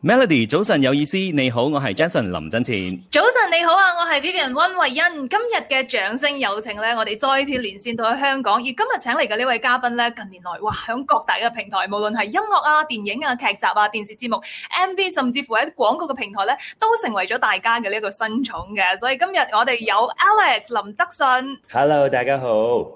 Melody，早晨有意思，你好，我係 Jason 林振前。早晨你好啊，我係 Vivian 温慧欣。今日嘅掌聲有請咧，我哋再一次連線到去香港，而今日請嚟嘅呢位嘉賓咧，近年來哇響各大嘅平台，無論係音樂啊、電影啊、劇集啊、電視節目、MV，甚至乎喺廣告嘅平台咧，都成為咗大家嘅呢一個新寵嘅。所以今日我哋有 Alex 林德信。Hello 大家好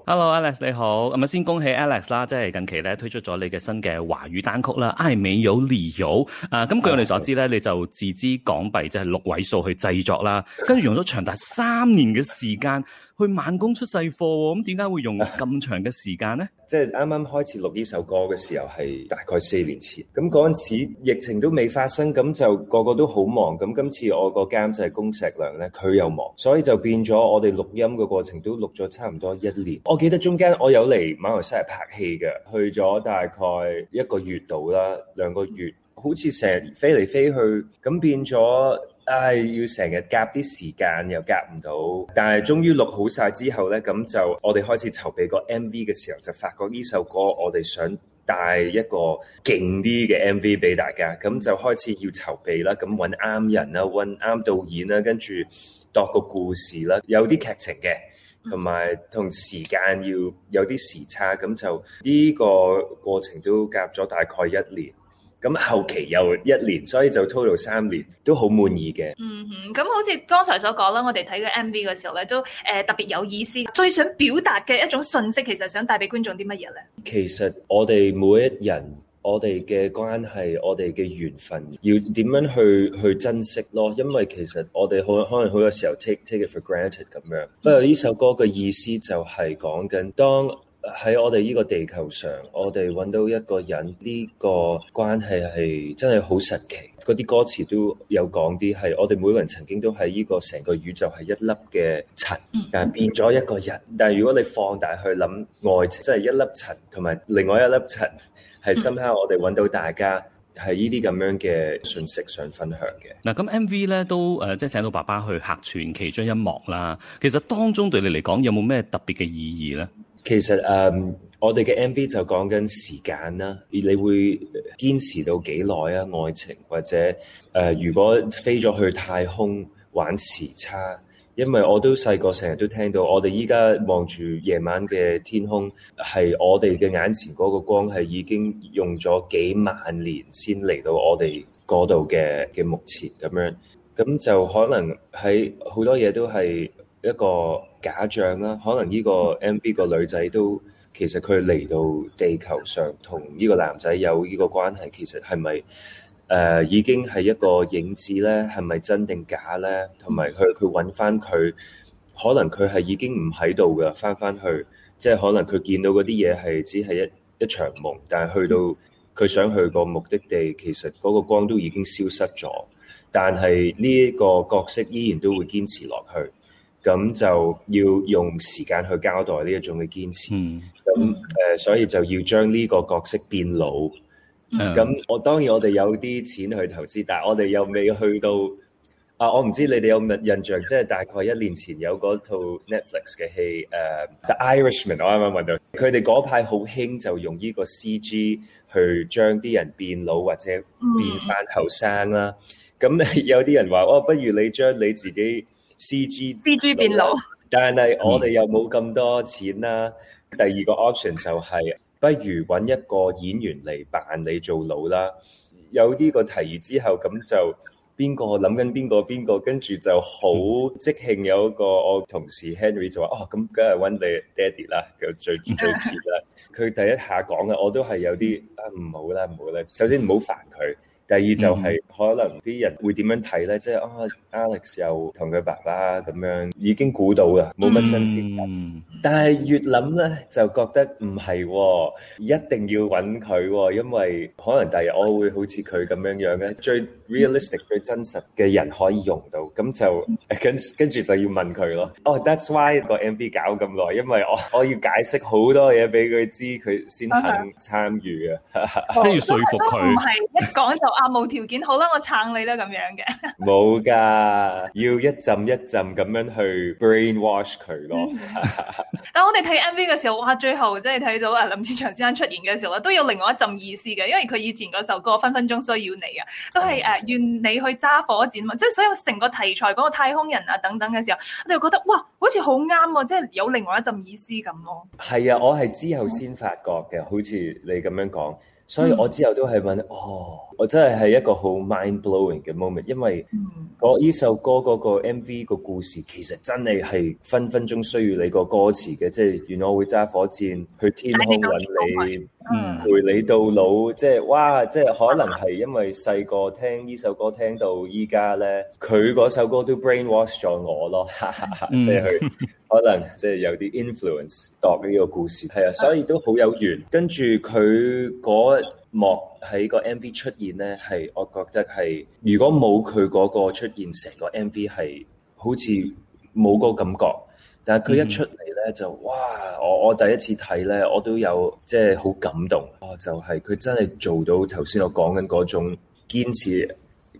，Hello Alex 你好，咁啊先恭喜 Alex 啦，即係近期咧推出咗你嘅新嘅華語單曲啦，《愛沒有理由》啊，咁佢。我 你所知咧，你就自資港幣即係六位數去製作啦，跟住用咗長達三年嘅時間去慢工出細貨。咁點解會用咁長嘅時間呢？即係啱啱開始錄呢首歌嘅時候係大概四年前。咁嗰陣時疫情都未發生，咁就個個都好忙。咁今次我個監製宮石良咧，佢又忙，所以就變咗我哋錄音嘅過程都錄咗差唔多一年。我記得中間我有嚟馬來西亞拍戲嘅，去咗大概一個月度啦，兩個月。好似成日飛嚟飛去，咁變咗唉要成日夾啲時間，又夾唔到。但係終於錄好晒之後呢，咁就我哋開始籌備個 MV 嘅時候，就發覺呢首歌我哋想帶一個勁啲嘅 MV 俾大家，咁就開始要籌備啦。咁揾啱人啦，揾啱導演啦，跟住度個故事啦，有啲劇情嘅，同埋同時間要有啲時差，咁就呢個過程都夾咗大概一年。咁後期又一年，所以就 total 三年都好滿意嘅，嗯。嗯哼，咁好似剛才所講啦，我哋睇嘅 MV 嘅時候咧，都誒、呃、特別有意思。最想表達嘅一種信息，其實想帶俾觀眾啲乜嘢咧？其實我哋每一人，我哋嘅關係，我哋嘅緣分，要點樣去去珍惜咯？因為其實我哋好可能好多時候 take take it for granted 咁樣。嗯、不過呢首歌嘅意思就係講緊當，喺我哋呢個地球上，我哋揾到一個人，呢個關係係真係好神奇。嗰啲歌詞都有講啲係，我哋每個人曾經都喺呢個成個宇宙係一粒嘅塵，但係變咗一個人。但係如果你放大去諗愛情，真係一粒塵，同埋另外一粒塵，係深刻。我哋揾到大家喺呢啲咁樣嘅信息上分享嘅嗱。咁，嗯，MV 呢都誒，即係請到爸爸去客串其中一幕啦。其實當中對你嚟講有冇咩特別嘅意義呢？其實誒，um, 我哋嘅 MV 就講緊時間啦，而你會堅持到幾耐啊？愛情或者誒，uh, 如果飛咗去太空玩時差，因為我都細個成日都聽到，我哋依家望住夜晚嘅天空，係我哋嘅眼前嗰個光係已經用咗幾萬年先嚟到我哋嗰度嘅嘅目前咁樣，咁就可能喺好多嘢都係一個。假象啦，可能呢個 MV 個女仔都其實佢嚟到地球上同呢個男仔有呢個關係，其實係咪誒已經係一個影子咧？係咪真定假咧？同埋佢佢揾翻佢，可能佢係已經唔喺度嘅翻翻去，即係可能佢見到嗰啲嘢係只係一一場夢，但係去到佢想去個目的地，其實嗰個光都已經消失咗，但係呢一個角色依然都會堅持落去。咁就要用時間去交代呢一種嘅堅持。咁誒、嗯，uh, 所以就要將呢個角色變老。咁、嗯、我當然我哋有啲錢去投資，但係我哋又未去到。啊，我唔知你哋有冇印象，即、就、係、是、大概一年前有嗰套 Netflix 嘅戲，uh,《誒 The Irishman》我啱啱問到，佢哋嗰排好興就用呢個 CG 去將啲人變老或者變翻後生啦。咁、嗯、有啲人話：哦，不如你將你自己。C G C G 變老，但係我哋又冇咁多錢啦、啊。嗯、第二個 option 就係、是、不如揾一個演員嚟扮你做老啦。有呢個提議之後，咁就邊個諗緊邊個邊個，跟住就好即興，有一個我同事 Henry 就話：嗯、哦，咁梗係揾你爹哋啦，就最最切、 啊、啦。佢第一下講嘅我都係有啲啊唔好啦唔好啦，首先唔好煩佢。第二就係可能啲人會點樣睇咧？即係啊，Alex 又同佢爸爸咁樣已經估到噶，冇乜新鮮。嗯，但係越諗咧就覺得唔係哦，一定要揾佢哦，因為可能第日我會好似佢咁樣樣咧，最 realistic，嗯，最真實嘅人可以用到，咁就跟跟住就要問佢咯。哦，that's why 個 MV 搞咁耐，因為我我要解釋好多嘢俾佢知，佢先肯參與嘅，跟住說服佢。唔係一講就。啊！無條件好啦，我撐你啦，咁樣嘅冇噶，要一陣一陣咁樣去 brainwash 佢咯。 但我哋睇 M V 嘅時候，哇！最後即係睇到啊林子祥先生出現嘅時候，我都有另外一陣意思嘅，因為佢以前嗰首歌分分鐘需要你啊，都係誒、嗯呃、願你去揸火箭嘛。即係所有成個題材嗰、那個太空人啊等等嘅時候，我就又覺得哇，好似好啱喎，即、就、係、是、有另外一陣意思咁咯、哦。係啊，我係之後先發覺嘅，嗯、好似你咁樣講，所以我之後都係問哦。我真係係一個好 mind blowing 嘅 moment，因為呢首歌嗰個 MV 個故事其實真係係分分鐘需要你個歌詞嘅，即係願我會揸火箭去天空揾你，陪你到老，即係哇，即係可能係因為細個聽呢首歌聽到依家呢，佢嗰首歌都 brainwash 咗我咯，哈哈 即係佢可能即係有啲 influence 度呢個故事，係啊，所以都好有緣，跟住佢嗰。莫喺個 MV 出現咧，係我覺得係如果冇佢個出現，成個 MV 係好似冇個感覺，但係佢一出嚟咧，就哇！我我第一次睇咧，我都有即係好感動哦，就係、是、佢真係做到頭先我講緊種堅持，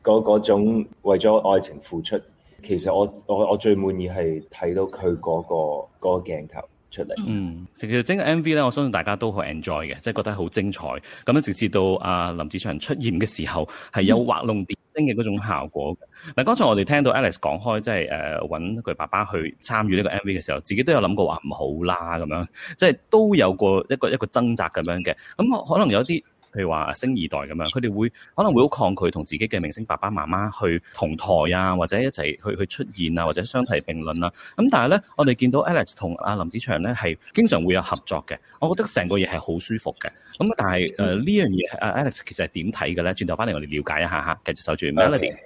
嗰嗰種為咗愛情付出。其實我我我最滿意係睇到佢，嗰個，嗰個鏡頭。出嚟，嗯，其實整個 MV 咧，我相信大家都好 enjoy 嘅，即係覺得好精彩。咁咧，直至到阿、啊、林子祥出現嘅時候，係有畫龍點睛嘅嗰種效果。嗱、嗯，剛才我哋聽到 Alex 講開，即係誒揾佢爸爸去參與呢個 MV 嘅時候，自己都有諗過話唔好啦，咁樣，即係都有過一個一個掙扎咁樣嘅。咁可能有啲。譬如話星二代咁樣，佢哋會可能會好抗拒同自己嘅明星爸爸媽媽去同台啊，或者一齊去去出現啊，或者相提並論啊。咁但係咧，我哋見到 Alex 同阿林子祥咧係經常會有合作嘅，我覺得成個嘢係好舒服嘅。咁但係誒呢樣嘢，阿 Alex 其實係點睇嘅咧？轉頭翻嚟我哋了解一下嚇，繼續守住 Melody。Okay.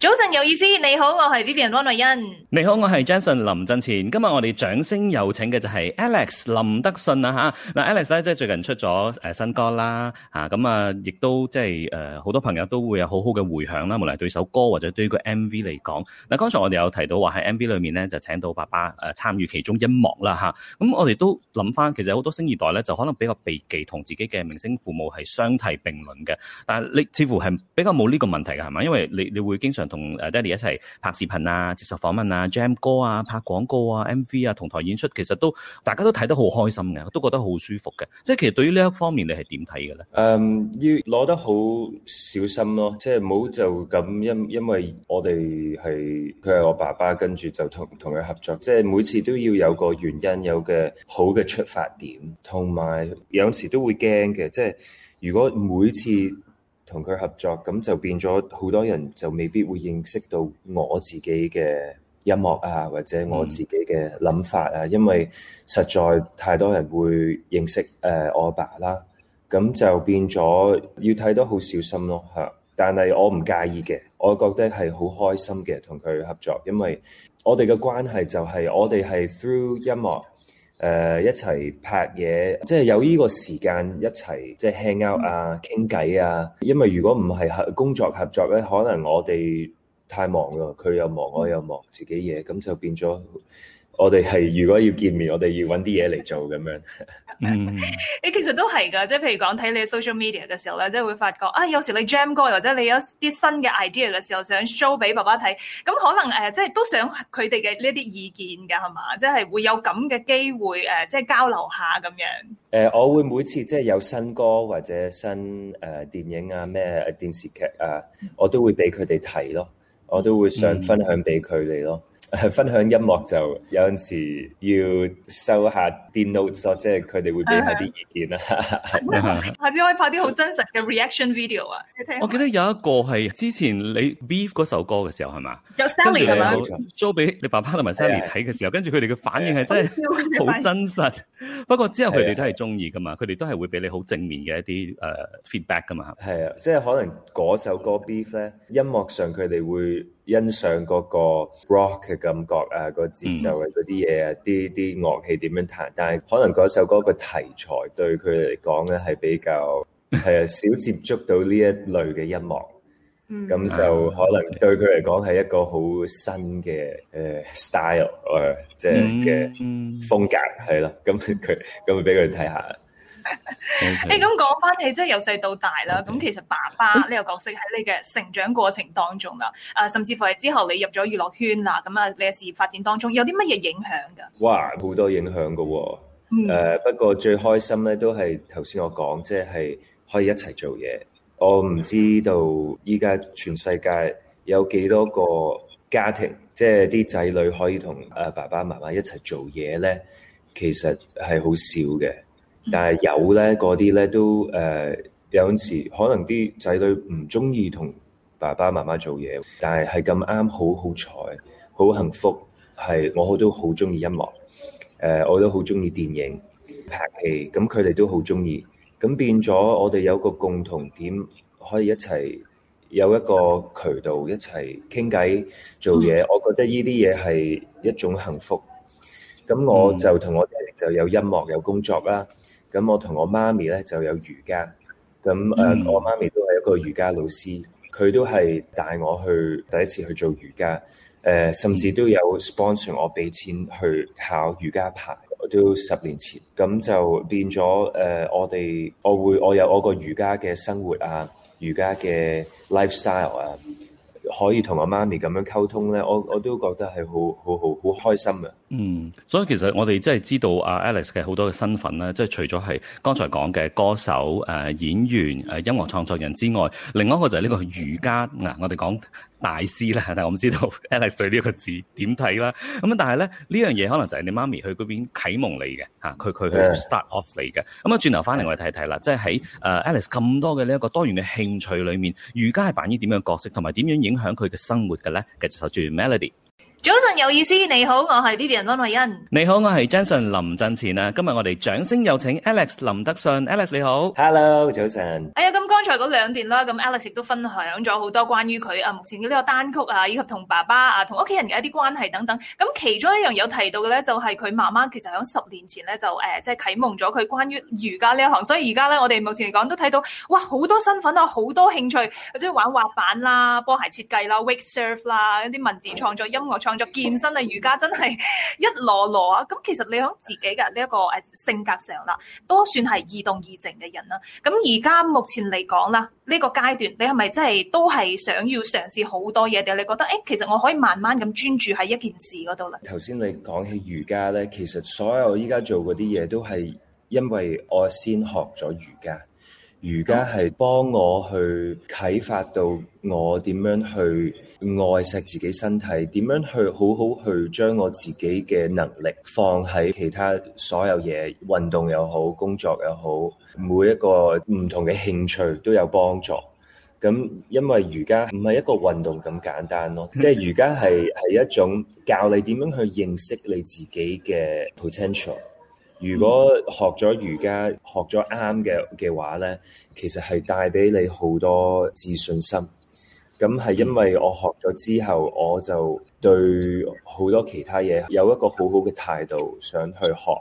早晨有意思，你好，我係 Vivian 溫麗欣。你好，我係 Jason 林振前。今日我哋掌聲有請嘅就係 Alex 林德信啊吓。嗱 Alex 咧，即係最近出咗誒新歌啦，吓咁啊，亦、啊、都即係誒好多朋友都會有好好嘅回響啦。無論係對首歌或者對個 M V 嚟講，嗱、啊、剛才我哋有提到話喺 M V 裏面咧，就請到爸爸誒參與其中一幕啦吓。咁、啊啊嗯、我哋都諗翻，其實好多星二代咧，就可能比較避忌同自己嘅明星父母係相提並論嘅。但係你似乎係比較冇呢個問題嘅係咪？因為你你會經常。同誒爹哋一齊拍視頻啊，接受訪問啊，Jam 歌啊，拍廣告啊，MV 啊，同台演出，其實都大家都睇得好開心嘅，都覺得好舒服嘅。即係其實對於呢一方面，你係點睇嘅咧？誒、嗯，要攞得好小心咯，即係唔好就咁。因因為我哋係佢係我爸爸，跟住就同同佢合作，即係每次都要有個原因，有嘅好嘅出發點，同埋有，有時都會驚嘅。即係如果每次，同佢合作咁就變咗，好多人就未必會認識到我自己嘅音樂啊，或者我自己嘅諗法啊。嗯、因為實在太多人會認識誒、呃、我爸爸啦，咁就變咗要睇得好小心咯。嚇，但係我唔介意嘅，我覺得係好開心嘅同佢合作，因為我哋嘅關係就係我哋係 through 音樂。誒、uh, 一齊拍嘢，即係有呢個時間一齊即係 hang out 啊、傾偈啊。因為如果唔係合工作合作咧，可能我哋太忙咯，佢又忙，我又忙自己嘢，咁就變咗。我哋係如果要見面，我哋要搵啲嘢嚟做咁樣。嗯，你 其實都係噶，即係譬如講睇你 social media 嘅時候咧，即係會發覺啊，有時你 jam 歌或者你有啲新嘅 idea 嘅時候，想 show 俾爸爸睇，咁、嗯、可能誒、呃，即係都想佢哋嘅呢啲意見嘅係嘛，即係會有咁嘅機會誒、呃，即係交流下咁樣。誒、呃，我會每次即係有新歌或者新誒、呃、電影啊咩、呃、電視劇啊，我都會俾佢哋睇咯，我都會想分享俾佢哋咯。嗯分享音樂就有陣時要收下啲 notes 即係佢哋會俾下啲意見啦。下次可以拍啲好真實嘅 reaction video 啊！我記得有一個係之前你 Beef 嗰首歌嘅時候係嘛？有 Sally 㗎嘛？做俾你爸爸同埋 Sally 睇嘅時候，跟住佢哋嘅反應係真係好真實。不過之後佢哋都係中意噶嘛，佢哋都係會俾你好正面嘅一啲誒 feedback 噶嘛。係啊，即係可能嗰首歌 Beef 咧，音樂上佢哋會，欣賞嗰個 rock 嘅感覺啊，個節奏啊，嗰啲嘢啊，啲啲樂器點樣彈，但係可能嗰首歌嘅題材對佢嚟講咧係比較係啊 少接觸到呢一類嘅音樂，咁 就可能對佢嚟講係一個好新嘅誒、呃、style 誒、呃，即係嘅風格係咯。咁佢咁咪俾佢睇下。誒，咁講翻你即係由細到大啦。咁 Okay. 其實爸爸呢個角色喺你嘅成長過程當中啦，誒，甚至乎係之後你入咗娛樂圈啦，咁啊，你嘅事業發展當中有啲乜嘢影響噶？哇，好多影響噶、哦。誒、嗯，uh, 不過最開心咧，都係頭先我講，即係可以一齊做嘢。我唔知道依家全世界有幾多個家庭，即係啲仔女可以同誒爸爸媽媽一齊做嘢咧，其實係好少嘅。但係有咧，嗰啲咧都誒、呃、有陣時，可能啲仔女唔中意同爸爸媽媽做嘢，但係係咁啱，好好彩，好幸福。係，我我都好中意音樂，誒、呃、我都好中意電影拍戲，咁佢哋都好中意，咁變咗我哋有個共同點，可以一齊有一個渠道，一齊傾偈做嘢。嗯、我覺得呢啲嘢係一種幸福。咁我就同我爹哋就有音樂有工作啦。嗯咁我同我媽咪呢就有瑜伽，咁誒、啊嗯、我媽咪都係一個瑜伽老師，佢都係帶我去第一次去做瑜伽，誒、啊、甚至都有 sponsor 我俾錢去考瑜伽牌，我都十年前，咁就變咗誒、啊、我哋我會我有我個瑜伽嘅生活啊，瑜伽嘅 lifestyle 啊。可以同我媽咪咁樣溝通咧，我我都覺得係好好好開心嘅。嗯，所以其實我哋真係知道阿 Alex 嘅好多嘅身份咧，即係除咗係剛才講嘅歌手、誒演員、誒音樂創作人之外，另外一個就係呢個瑜伽。嗱，我哋講大師啦，但係我唔知道 Alice 對呢個字點睇啦。咁、嗯、但係咧呢樣嘢可能就係你媽咪去嗰邊啟蒙你嘅嚇，佢、啊、佢去 start off 嚟嘅。咁、嗯、啊，轉頭翻嚟我哋睇睇啦，即係喺誒、呃、Alice 咁多嘅呢一個多元嘅興趣裏面，瑜伽係扮演點樣角色，同埋點樣影響佢嘅生活嘅咧？繼續收住 Melody，Mel 早晨有意思，你好，我係 Vivian 溫慧欣。你好，我係 Jason 林振前啊。今日我哋掌聲有請 Alex 林德信。Alex 你好，Hello 早晨。哎呀，咁剛才嗰兩段啦，咁 Alex 亦都分享咗好多關於佢啊，目前嘅呢個單曲啊，以及同爸爸啊，同屋企人嘅一啲關係等等。咁其中一樣有提到嘅咧，就係佢媽媽其實喺十年前咧就誒、呃，即係啟蒙咗佢關於瑜伽呢一行。所以而家咧，我哋目前嚟講都睇到，哇，好多身份啊，好多興趣，即係玩滑板啦、波鞋設計啦、wake surf 啦，一啲文字創作、音樂、嗯當咗健身啊，瑜伽真係一籮籮啊！咁其實你響自己嘅呢一個誒性格上啦，都算係易動易靜嘅人啦。咁而家目前嚟講啦，呢、這個階段你係咪真係都係想要嘗試好多嘢，定你覺得誒、欸，其實我可以慢慢咁專注喺一件事嗰度啦？頭先你講起瑜伽咧，其實所有我依家做嗰啲嘢都係因為我先學咗瑜伽。瑜伽係幫我去啟發到我點樣去愛惜自己身體，點樣去好好去將我自己嘅能力放喺其他所有嘢，運動又好，工作又好，每一個唔同嘅興趣都有幫助。咁因為瑜伽唔係一個運動咁簡單咯，即係 瑜伽係係一種教你點樣去認識你自己嘅 potential。如果學咗瑜伽學咗啱嘅嘅話呢，其實係帶俾你好多自信心。咁係因為我學咗之後，我就對好多其他嘢有一個好好嘅態度，想去學。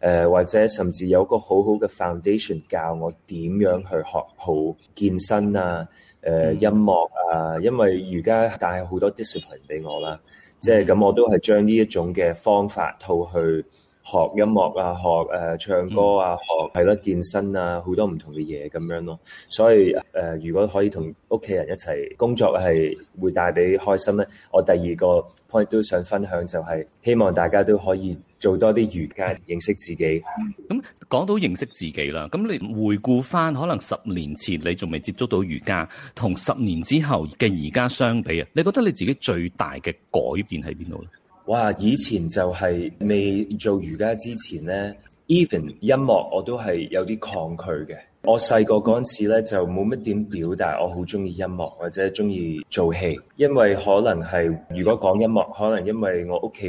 誒、呃、或者甚至有個好好嘅 foundation 教我點樣去學好健身啊，誒、呃、音樂啊，因為瑜伽帶好多 discipline 俾我啦。即係咁，我都係將呢一種嘅方法套去。學音樂啊，學誒、呃、唱歌啊，學係咯健身啊，好多唔同嘅嘢咁樣咯。所以誒、呃，如果可以同屋企人一齊工作，係會帶俾你開心咧。我第二個 point 都想分享，就係希望大家都可以做多啲瑜伽，認識自己。咁講、嗯、到認識自己啦，咁你回顧翻可能十年前你仲未接觸到瑜伽，同十年之後嘅而家相比啊，你覺得你自己最大嘅改變喺邊度咧？哇！以前就係未做瑜伽之前呢，even 音樂我都係有啲抗拒嘅。我細個嗰陣時呢就冇乜點表達我好中意音樂或者中意做戲，因為可能係如果講音樂，可能因為我屋企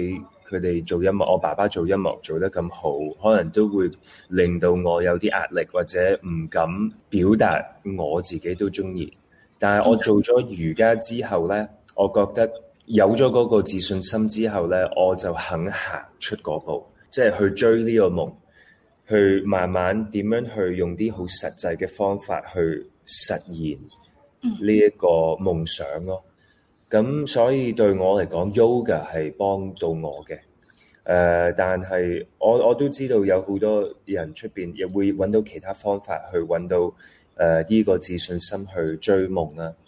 佢哋做音樂，我爸爸做音樂做得咁好，可能都會令到我有啲壓力或者唔敢表達我自己都中意。但係我做咗瑜伽之後呢，我覺得，有咗嗰個自信心之後呢，我就肯行出嗰步，即係去追呢個夢，去慢慢點樣去用啲好實際嘅方法去實現呢一個夢想咯、啊。咁、嗯、所以對我嚟講，Yoga 係幫到我嘅。誒、呃，但係我我都知道有好多人出邊亦會揾到其他方法去揾到誒呢、呃呢個自信心去追夢啦、啊。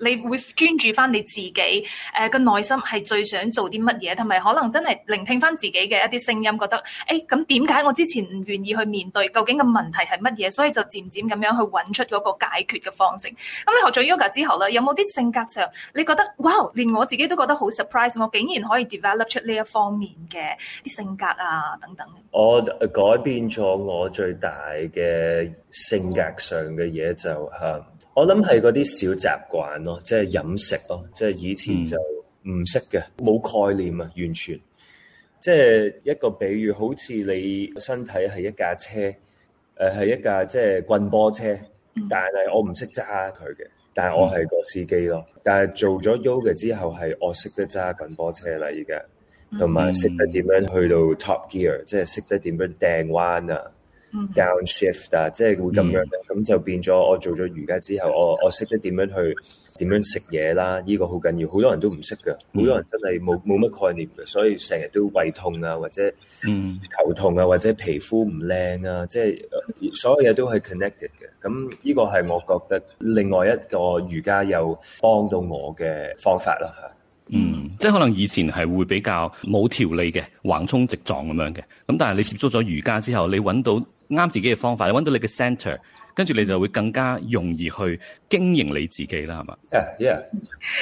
你會專注翻你自己，誒個內心係最想做啲乜嘢，同埋可能真係聆聽翻自己嘅一啲聲音，覺得，誒咁點解我之前唔願意去面對，究竟個問題係乜嘢？所以就漸漸咁樣去揾出嗰個解決嘅方式。咁你學咗 yoga 之後咧，有冇啲性格上，你覺得，哇！連我自己都覺得好 surprise，我竟然可以 develop 出呢一方面嘅啲性格啊，等等。我改變咗我最大嘅性格上嘅嘢就係。我諗係嗰啲小習慣咯，即係飲食咯，即係以前就唔識嘅，冇、嗯、概念啊，完全。即係一個比喻，好似你身體係一架車，誒係一架即係棍波車，但係我唔識揸佢嘅，但係我係個司機咯。但係做咗 yoga 之後係我識得揸棍波車啦，而家同埋識得點樣去到 top gear，即係識得點樣掟彎啊！Downshift 啊，即係會咁樣嘅，咁、嗯、就變咗我做咗瑜伽之後，我我識得點樣去點樣食嘢啦。呢、呢個好緊要，好多人都唔識噶。好多人真係冇冇乜概念嘅，所以成日都胃痛啊，或者頭痛啊，或者皮膚唔靚啊，即係、嗯、所有嘢都係 connected 嘅，咁呢個係我覺得另外一個瑜伽有幫到我嘅方法啦吓。嗯，即係可能以前係會比較冇條理嘅，橫衝直撞咁樣嘅，咁但係你接觸咗瑜伽之後，你揾到。啱自己嘅方法，你揾到你嘅 center。跟住你就會更加容易去經營你自己啦，係嘛？Yeah, yeah.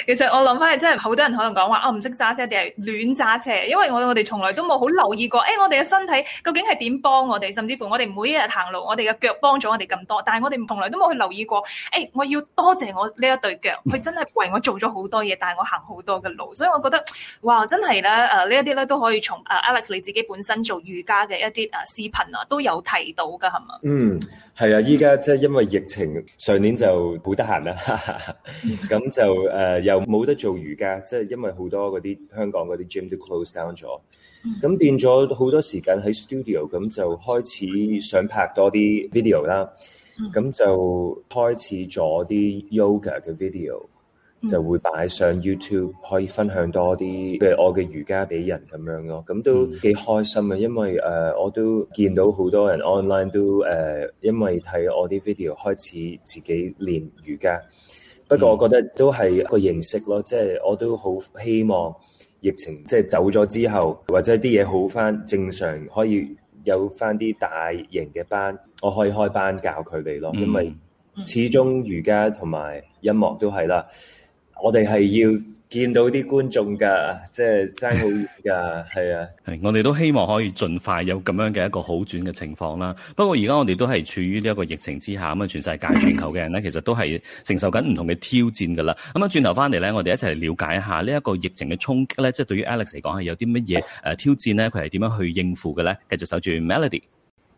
其實我諗翻係真係好多人可能講話，我唔識揸車定係亂揸車，因為我我哋從來都冇好留意過。誒、欸，我哋嘅身體究竟係點幫我哋？甚至乎我哋每一日行路，我哋嘅腳幫咗我哋咁多，但係我哋從來都冇去留意過。誒、欸，我要多謝我呢一對腳，佢真係為我做咗好多嘢，帶我行好多嘅路。所以我覺得，哇，真係咧，誒呢一啲咧都可以從 Alex 你自己本身做瑜伽嘅一啲啊視頻啊都有提到嘅，係嘛？嗯，係啊，依家。即係因為疫情，上年就好得閒啦，咁 就誒、uh, 又冇得做瑜伽。即、就、係、是、因為好多嗰啲香港嗰啲 gym 都 close down 咗，咁、mm hmm. 變咗好多時間喺 studio，咁就開始想拍多啲 video 啦，咁、mm hmm. 就開始做啲 yoga 嘅 video。就會擺上 YouTube，可以分享多啲，譬如我嘅瑜伽俾人咁樣咯，咁都幾開心呀，因為誒、呃、我都見到好多人 online 都誒、呃，因為睇我啲 video 開始自己練瑜伽。不過我覺得都係一個認識咯，即、就、係、是、我都好希望疫情即係、就是、走咗之後，或者啲嘢好返，正常可以有返啲大型嘅班，我可以開班教佢哋咯。因為始終瑜伽同埋音樂都係啦。我哋係要見到啲觀眾㗎，即係爭好遠㗎，係 啊！係，我哋都希望可以盡快有咁樣嘅一個好轉嘅情況啦。不過而家我哋都係處於呢一個疫情之下，咁啊，全世界全球嘅人咧，其實都係承受緊唔同嘅挑戰㗎啦。咁、嗯、啊，轉頭翻嚟咧，我哋一齊嚟了解一下呢一個疫情嘅衝擊咧，即、就、係、是、對於 Alex 嚟講係有啲乜嘢誒挑戰咧，佢係點樣去應付嘅咧？繼續守住 Melody。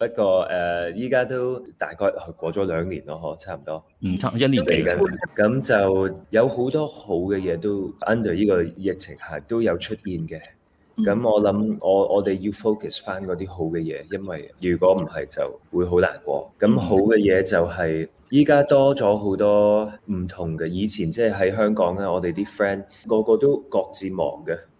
不過誒，依、呃、家都大概過咗兩年咯，呵，差唔多。嗯，差一年嚟嘅。咁就有好多好嘅嘢都 under 依個疫情下都有出現嘅。咁、嗯、我諗我我哋要 focus 翻嗰啲好嘅嘢，因為如果唔係就會好難過。咁好嘅嘢就係依家多咗好多唔同嘅。以前即係喺香港咧，我哋啲 friend 個個都各自忙嘅。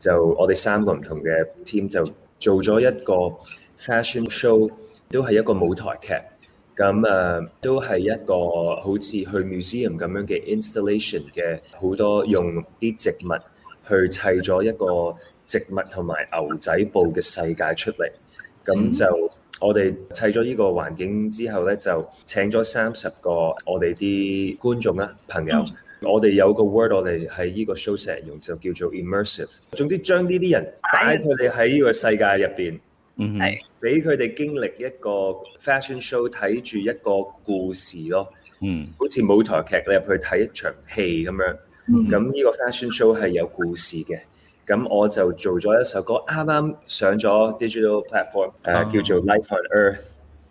就我哋三個唔同嘅 team 就做咗一個 fashion show，都係一個舞台劇，咁誒、啊、都係一個好似去 museum 咁樣嘅 installation 嘅好多用啲植物去砌咗一個植物同埋牛仔布嘅世界出嚟，咁就我哋砌咗呢個環境之後呢，就請咗三十個我哋啲觀眾啦，朋友。嗯。我哋有個 word，我哋喺呢個 show 成日用，就叫做 immersive。總之將呢啲人擺喺佢哋喺呢個世界入邊，係俾佢哋經歷一個 fashion show，睇住一個故事咯。嗯，好似舞台劇你入去睇一場戲咁樣。咁呢個 fashion show 係有故事嘅。咁我就做咗一首歌，啱啱上咗 digital platform 誒，叫做《Light on Earth》。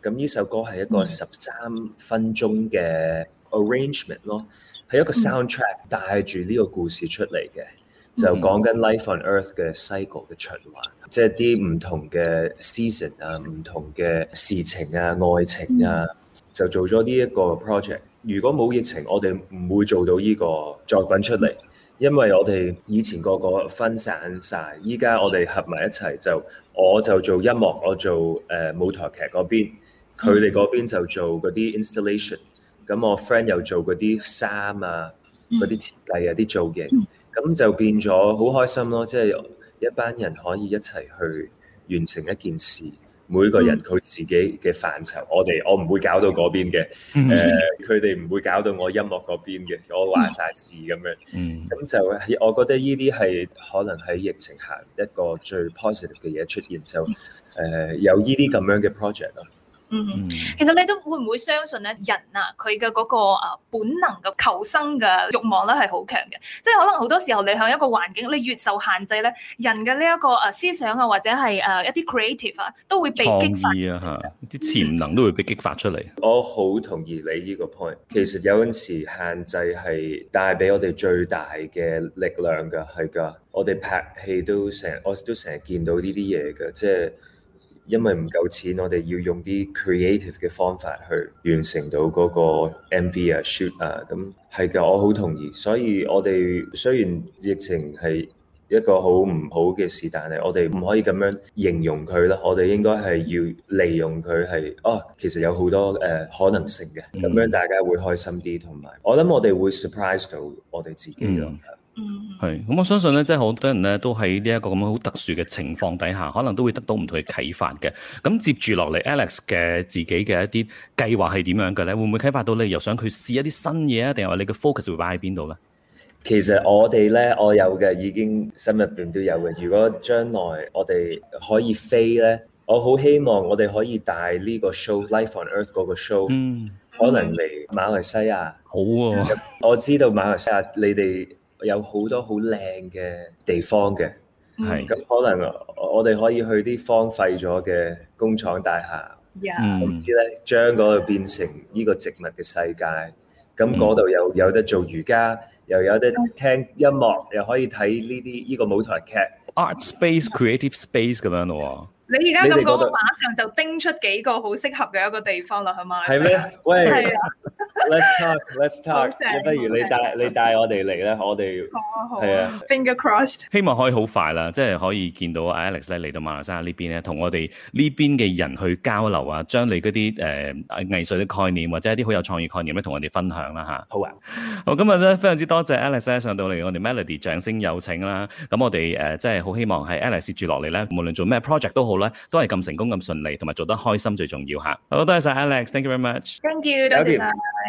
咁呢首歌係一個十三分鐘嘅 arrangement 咯。係一個 soundtrack 帶住呢個故事出嚟嘅，Okay. 就講緊 life on earth 嘅 cycle 嘅循環，即係啲唔同嘅 season 啊，唔同嘅事情啊，愛情啊，就做咗呢一個 project。如果冇疫情，我哋唔會做到呢個作品出嚟，因為我哋以前個個分散曬，依家我哋合埋一齊就，我就做音樂，我做誒舞台劇嗰邊，佢哋嗰邊就做嗰啲 installation。咁我 friend 又做嗰啲衫啊，嗰啲設計啊，啲造型，咁就變咗好開心咯！即係一班人可以一齊去完成一件事，每個人佢自己嘅範疇，我哋我唔會搞到嗰邊嘅，誒，佢哋唔會搞到我音樂嗰邊嘅，我話曬事咁樣，咁就係我覺得依啲係可能喺疫情下一個最 positive 嘅嘢出現就誒有依啲咁樣嘅 project 咯。嗯，其實你都會唔會相信咧？人啊，佢嘅嗰個啊本能嘅求生嘅欲望咧係好強嘅，即係可能好多時候你向一個環境，你越受限制咧，人嘅呢一個啊思想啊或者係誒一啲 creative 啊都會被激發啊嚇，啲潛能都會被激發出嚟。嗯、我好同意你呢個 point。其實有陣時限制係帶俾我哋最大嘅力量㗎，係㗎。我哋拍戲都成，我都成日見到呢啲嘢㗎，即係。因為唔夠錢，我哋要用啲 creative 嘅方法去完成到嗰個 MV 啊、shoot 啊，咁係嘅，我好同意。所以我哋雖然疫情係一個好唔好嘅事，但係我哋唔可以咁樣形容佢啦。我哋應該係要利用佢係哦，其實有好多誒、呃、可能性嘅，咁樣大家會開心啲，同埋我諗我哋會 surprise 到我哋自己咯。嗯係，咁我相信咧，即係好多人咧，都喺呢一個咁樣好特殊嘅情況底下，可能都會得到唔同嘅啟發嘅。咁接住落嚟，Alex 嘅自己嘅一啲計劃係點樣嘅咧？會唔會啟發到你，又想去試一啲新嘢啊？定係話你嘅 focus 會擺喺邊度咧？其實我哋咧，我有嘅已經心入邊都有嘅。如果將來我哋可以飛咧，我好希望我哋可以帶呢個 show《Life on Earth》嗰個 show，、嗯、可能嚟馬來西亞。好啊，我知道馬來西亞你哋。有好多好靚嘅地方嘅，係咁是可能我哋可以去啲荒廢咗嘅工廠大廈，嗯 Yeah.，咁之咧將嗰度變成呢個植物嘅世界，咁嗰度有有得做瑜伽，又有得聽音樂，又可以睇呢啲呢個舞台劇，Art Space Creative Space 咁樣咯喎。你而家咁講，馬上就叮出幾個好適合嘅一個地方啦，係咪？係咩？喂！ Let's talk, let's talk。 不如你帶 你帶我哋嚟咧，我哋係啊。Finger crossed。希望可以好快啦，即係可以見到 Alex 咧嚟到馬來西亞呢邊咧，同我哋呢邊嘅人去交流啊，將你嗰啲誒藝術嘅概念或者一啲好有創意概念咧，同我哋分享啦吓。好啊。 好，今日咧非常之多謝 Alex 咧上到嚟，我哋 Melody 掌聲有請啦。咁我哋誒、呃，即係好希望係 Alex 住落嚟咧，無論做咩 project 都好咧，都係咁成功咁順利，同埋做得開心最重要吓。好多謝晒 Alex，Thank you very much。Thank you，多謝。